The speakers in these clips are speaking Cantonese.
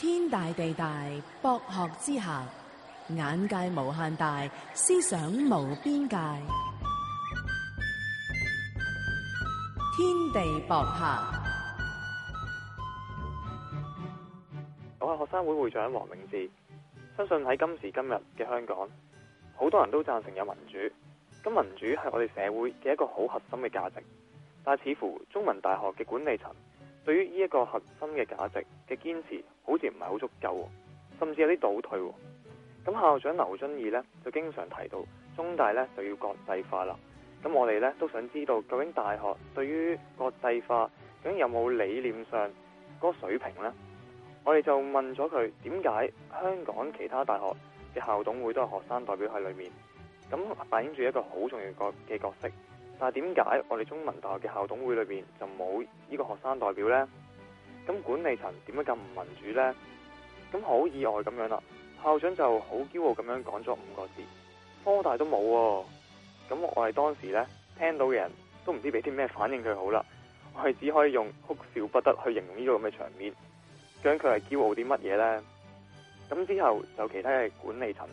天大地大，博學之下，眼界無限大，思想無邊界。天地博客，我係學生會會長黃永志。相信喺今時今日嘅香港，好多人都贊成有民主，咁民主係我哋社會嘅一個好核心嘅價值。但似乎中文大學嘅管理層，對於依一個核心嘅價值嘅堅持，好似唔係好足夠，甚至有啲倒退。咁校長劉遵義呢，就經常提到中大呢，就要國際化啦。咁我哋呢，都想知道究竟大學對於國際化究竟有冇理念上嗰個水平呢？我哋就問咗佢點解香港其他大學嘅校董會都係學生代表喺裡面，咁扮演住一個好重要嘅角色，但係點解我哋中文大學嘅校董會裏邊就冇呢個學生代表呢？咁管理層點解咁唔民主呢？咁好意外咁樣啦！校長就好驕傲咁樣講咗五個字：科大都冇喎。咁我係當時呢聽到嘅人都唔知俾啲咩反應佢好啦。我係只可以用哭笑不得去形容呢個咁嘅場面。咁佢係驕傲啲乜嘢呢？咁之後就其他嘅管理層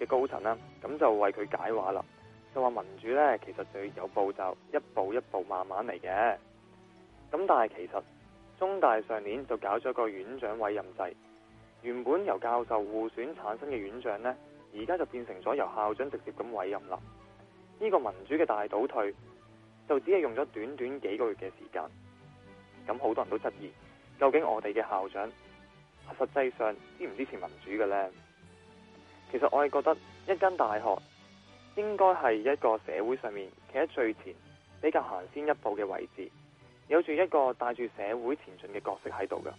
嘅高層啦，咁就為佢解話啦。就話民主呢，其實就要有步驟，一步一步慢慢嚟嘅。咁但係其實中大上年就搞咗個院長委任制，原本由教授互選產生嘅院長呢，而家就變成咗由校長直接咁委任啦。呢個民主嘅大倒退，就只係用咗短短幾個月嘅時間。咁好多人都質疑，究竟我哋嘅校長，實際上支唔支持民主嘅呢？其實我係覺得一間大學。應該係一個社會上面企喺最前，比較行先一步嘅位置，有住一個帶住社會前進嘅角色喺度㗎。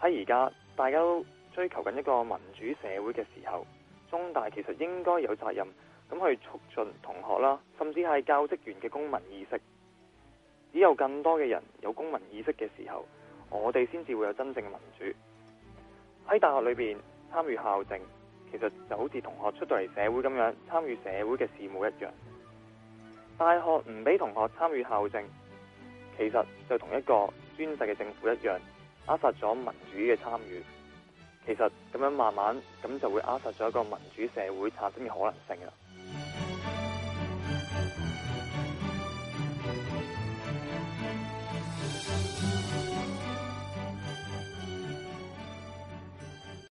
喺而家大家都追求緊一個民主社會嘅時候，中大其實應該有責任咁去促進同學啦，甚至係教職員嘅公民意識。只有更多嘅人有公民意識嘅時候，我哋先至會有真正嘅民主，喺大學裏邊參與校政，其實就好似同學出到嚟社會咁樣參與社會嘅事務一樣，大學唔俾同學參與校政，其實就同一個專制嘅政府一樣，扼殺咗民主嘅參與。其實咁樣慢慢咁就會扼殺咗一個民主社會產生嘅可能性啦。